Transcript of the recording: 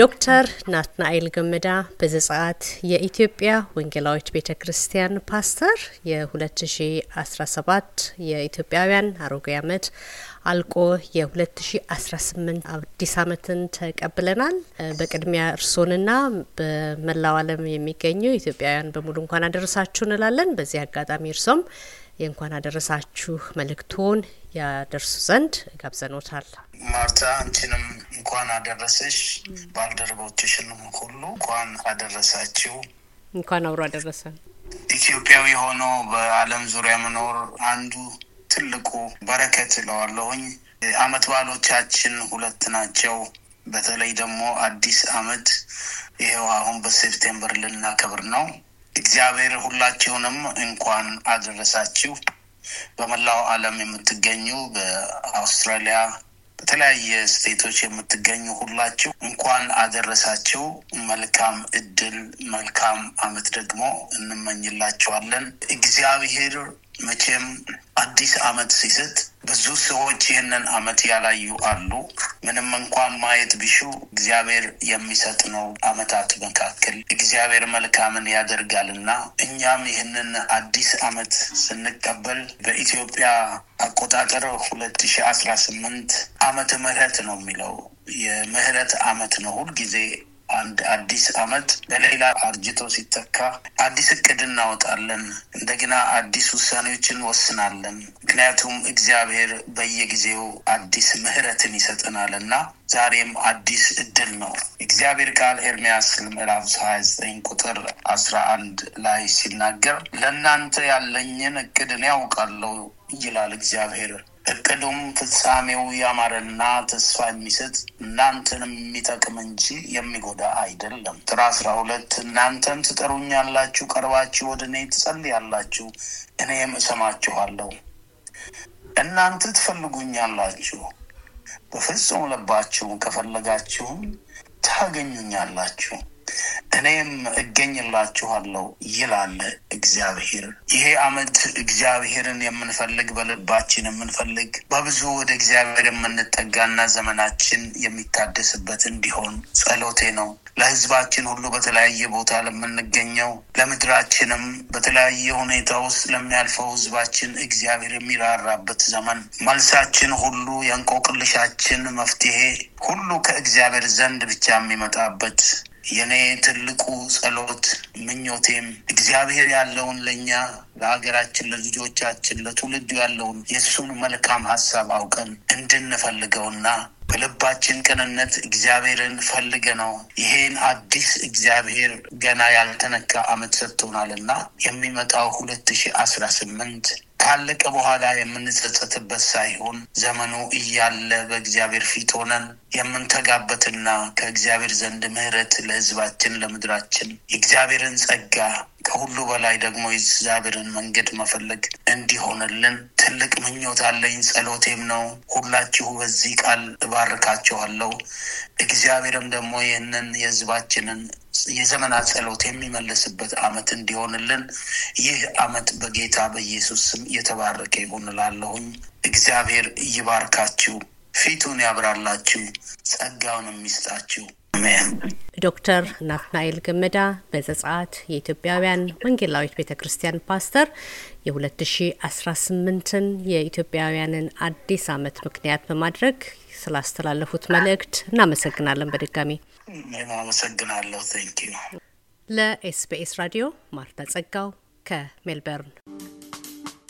ዶክተር ናትናኤል ገመዳ በዘጸአት የኢትዮጵያ ወንጌላዊት ቤተ ክርስቲያን ፓስተር የ2017 የኢትዮጵያውያን አሮጌ ዓመት አልቆ የ2018 አዲስ ዓመትን ተቀብለናል። በቅድሚያ እርሶንና በመላው ዓለም የሚገኙ ኢትዮጵያውያን በሙሉ እንኳን አደረሳችሁ እንላለን። በዚህ አጋጣሚ እርሶም የእንኳን አደረሳችሁ መልእክቶን ያደርሱ ዘንድ ጋብዘኖታል። ማርታ አንቺንም እንኳን አደረሰሽ፣ ባልደረቦችሽንም ሁሉ እንኳን አደረሳችሁ። እንኳን አብሮ አደረሰ። ኢትዮጵያዊ ሆኖ በዓለም ዙሪያ መኖር አንዱ ትልቁ በረከት እለዋለሁኝ። አመት በዓሎቻችን ሁለት ናቸው። በተለይ ደግሞ አዲስ አመት ይኸው አሁን በሴፕቴምበር ልናከብር ነው። እግዚአብሔር ሁላችሁንም እንኳን አደረሳችሁ። በመላው ዓለም የምትገኙ በአውስትራሊያ በተለያየ ስቴቶች የምትገኙ ሁላችሁ እንኳን አደረሳችሁ። መልካም እድል፣ መልካም አመት ደግሞ እንመኝላችኋለን። እግዚአብሔር መቼም አዲስ አመት ሲሰጥ ብዙ ሰዎች ይህንን አመት ያላዩ አሉ። ምንም እንኳን ማየት ቢሹ እግዚአብሔር የሚሰጥ ነው። አመታት መካከል እግዚአብሔር መልካምን ያደርጋል እና እኛም ይህንን አዲስ አመት ስንቀበል በኢትዮጵያ አቆጣጠር ሁለት ሺ አስራ ስምንት ዓመተ ምህረት ነው የሚለው የምህረት አመት ነው። ሁልጊዜ አንድ አዲስ አመት ለሌላ አርጅቶ ሲተካ አዲስ እቅድ እናወጣለን። እንደገና አዲስ ውሳኔዎችን ወስናለን። ምክንያቱም እግዚአብሔር በየጊዜው አዲስ ምሕረትን ይሰጠናል እና ዛሬም አዲስ እድል ነው። እግዚአብሔር ቃል ኤርሚያስ ምዕራፍ ሀያ ዘጠኝ ቁጥር አስራ አንድ ላይ ሲናገር ለእናንተ ያለኝን እቅድ እኔ ያውቃለሁ ይላል እግዚአብሔር እቅዱም ፍጻሜው ያማረና ተስፋ የሚሰጥ እናንተንም የሚጠቅም እንጂ የሚጎዳ አይደለም። ቁጥር አስራ ሁለት እናንተም ትጠሩኛላችሁ፣ ቀርባችሁ ወደ እኔ ትጸልያላችሁ፣ እኔም እሰማችኋለሁ። እናንተ ትፈልጉኛላችሁ፣ በፍጹም ልባችሁ ከፈለጋችሁም ታገኙኛላችሁ እኔም እገኝላችኋለሁ ይላል እግዚአብሔር። ይሄ ዓመት እግዚአብሔርን የምንፈልግ በልባችን የምንፈልግ በብዙ ወደ እግዚአብሔር የምንጠጋና ዘመናችን የሚታደስበት እንዲሆን ጸሎቴ ነው። ለሕዝባችን ሁሉ በተለያየ ቦታ ለምንገኘው ለምድራችንም በተለያየ ሁኔታ ውስጥ ለሚያልፈው ሕዝባችን እግዚአብሔር የሚራራበት ዘመን መልሳችን ሁሉ የእንቆቅልሻችን መፍትሄ ሁሉ ከእግዚአብሔር ዘንድ ብቻ የሚመጣበት የኔ ትልቁ ጸሎት ምኞቴም እግዚአብሔር ያለውን ለእኛ ለሀገራችን፣ ለልጆቻችን፣ ለትውልዱ ያለውን የእሱን መልካም ሀሳብ አውቀን እንድንፈልገውና በልባችን ቅንነት እግዚአብሔርን ፈልገ ነው ይሄን አዲስ እግዚአብሔር ገና ያልተነካ አመት ሰጥቶናል እና የሚመጣው ሁለት ሺ አስራ ስምንት ካለቀ በኋላ የምንጸጸትበት ሳይሆን ዘመኑ እያለ በእግዚአብሔር ፊት ሆነን የምንተጋበትና ከእግዚአብሔር ዘንድ ምሕረት ለሕዝባችን ለምድራችን የእግዚአብሔርን ጸጋ ከሁሉ በላይ ደግሞ የእግዚአብሔርን መንገድ መፈለግ እንዲሆንልን ትልቅ ምኞት አለኝ። ጸሎቴም ነው። ሁላችሁ በዚህ ቃል እባርካችኋለሁ። እግዚአብሔርም ደግሞ ይህንን የህዝባችንን የዘመናት ጸሎት የሚመለስበት አመት እንዲሆንልን ይህ አመት በጌታ በኢየሱስ ስም የተባረከ ይሁን እላለሁኝ። እግዚአብሔር ይባርካችሁ፣ ፊቱን ያብራላችሁ፣ ጸጋውንም ይስጣችሁ። አሜን። ዶክተር ናትናኤል ገመዳ በዘጸአት የኢትዮጵያውያን ወንጌላዊት ቤተ ክርስቲያን ፓስተር የ2018ን የኢትዮጵያውያንን አዲስ ዓመት ምክንያት በማድረግ ስላስተላለፉት መልእክት እናመሰግናለን። በድጋሚ አመሰግናለሁ። ቴንኪ ለኤስቢኤስ ራዲዮ ማርታ ጸጋው ከሜልበርን